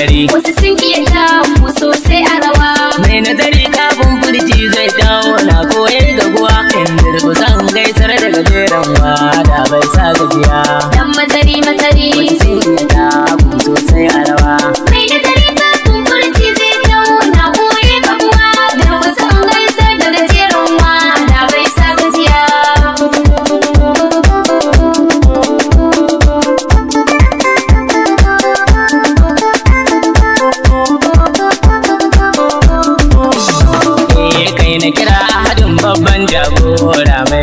nazari wasu sun iya kyawu sosai a rawa mai nazari kafin furci zai dawo na koyar da guwa in durkusan gaisar daga jeran da bai sa gajiya dan mazari mazari wasu sun iya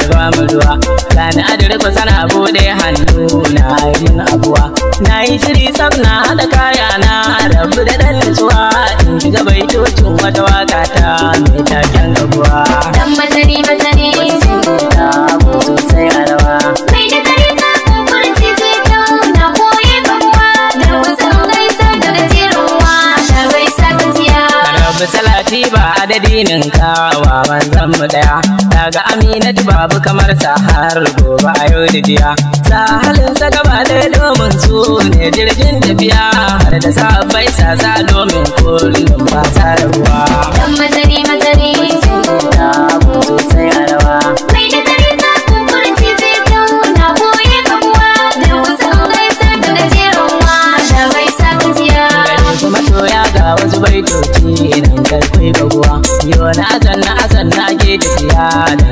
zuwa mutuwa Rani abu sana bude hannu na yi na abuwa Na yi shiri sam na haɗa kaya na rabu da ɗan nutsuwa In shiga baitocin wata waka ta mai taken gabuwa Dan masani masani salati ba adadinin kawa manzan mu ɗaya ga Aminatu babu kamar sa gobe a yau da jiya. Sahalin sa gaba da domin su ne jirgin tafiya har da bai sa domin kullum ba sa ruwa.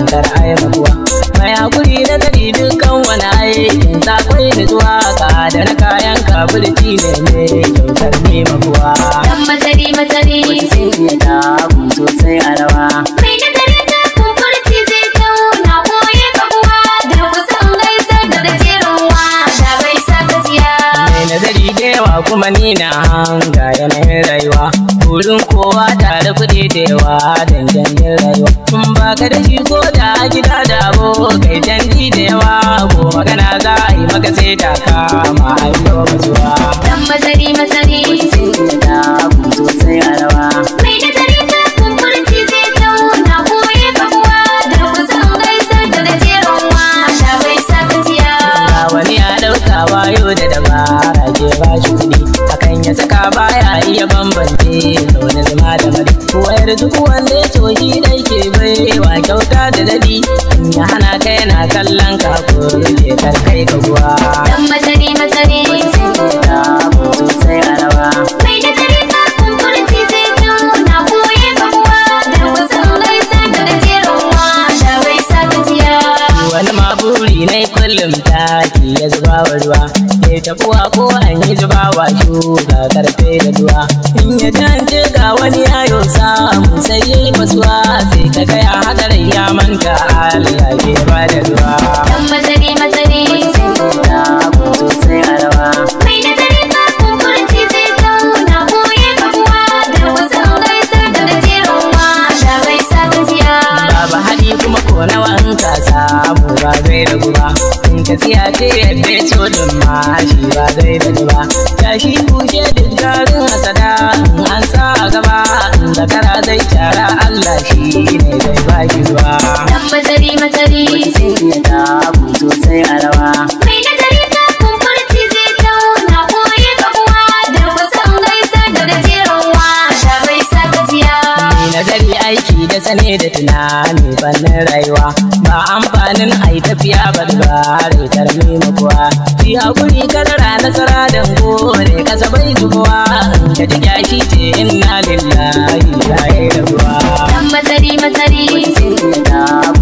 kar ai rabuwa mai hakuri na gari dukkan wani aikin ta kwai da zuwa ka da na kayan kabulci ne ne kyautar ne mabuwa dan matsari matsari sai ne da kun sosai a rawa mai nazarin ta kumfurci zai tauna koye kabuwa da kusan gaisa da gajeren wa da sa gajiya mai nazari da yawa kuma ni na hanga yanayin rayuwa Wurin kowa tare kuɗi da yawa yin rayuwa. Tun ba ka da shi ko da gida da abokai dangi da yawa ko magana za a yi maka sai ta kama a yi lokacewa. Dan mazari mazari. sai da kun sosai a rawa. ma kyauta da dadi in ya hana ka yana kallon ka ko rufe kai ka guwa dan masani masani sai a rawa mai da tare ka kunkuri ci na koye ka da kusan bai sa ka da da bai sa ka wani ma buri ne kullum taki ya zuba wa ruwa ke tafuwa ko an yi zuba wa karfe da duwa Allah ke ba da ruwa. Dan mazari mazari. Na kuto sai Mai zai kauna ko ya kamuwa. Da wasu an da Baba kuma ko nawa in samu ba zai ragu ba. In siya ma shi ba zai ba. Tashi kuje duk garin asada in an sa gaba. Da kara zai tara Allah shi da sani da tunani fannin rayuwa ba amfanin ai tafiya ba da tarmi makuwa ki hakuri rana nasara da gore kasa bai zuwa Ya ji kyashi ce inna lillahi ya yi rabuwa dan masari masari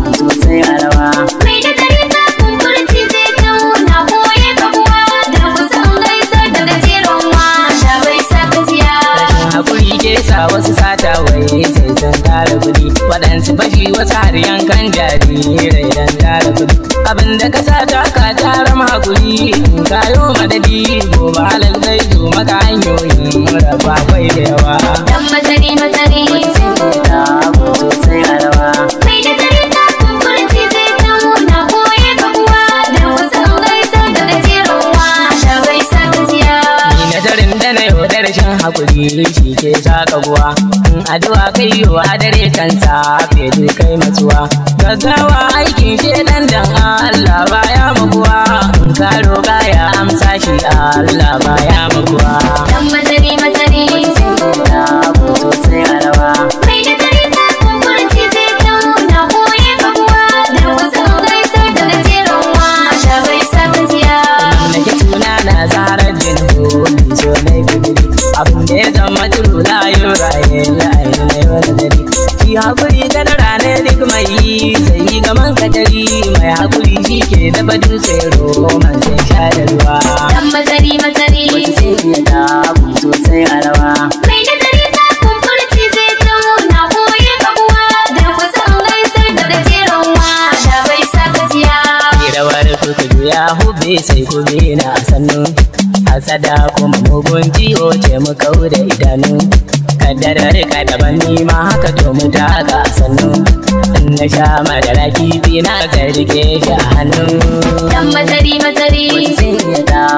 rera idan larabin abinda ka sa ta ka tara maguri in kayo madadi gobe halal zai zo maka hanyoyin mura da yawa dan mazari mazari zuci ke saka guwa in addu'a kai yo hadare kansa fe du kai matsuwa gaggawa aikin shedan dan Allah baya muguwa in karo roƙa ya amsa shi Allah baya muguwa ke dafa dutse roman sai sha da ruwa dan mazari mazari wata sai ya dagu sosai a rawa mai nazari ta kumfurci zai tauna koyi kabuwa da kusan gaisar da gajeren wa da bai sa gajiya ki rawar kuka juya hube sai kuma na sannu hasada kuma mugun ciwo ce mu kau da idanu rika daban nima haka to mu taka sannu na sha madara kifi na ka rike shi a hannu dan matsari matsari sun yi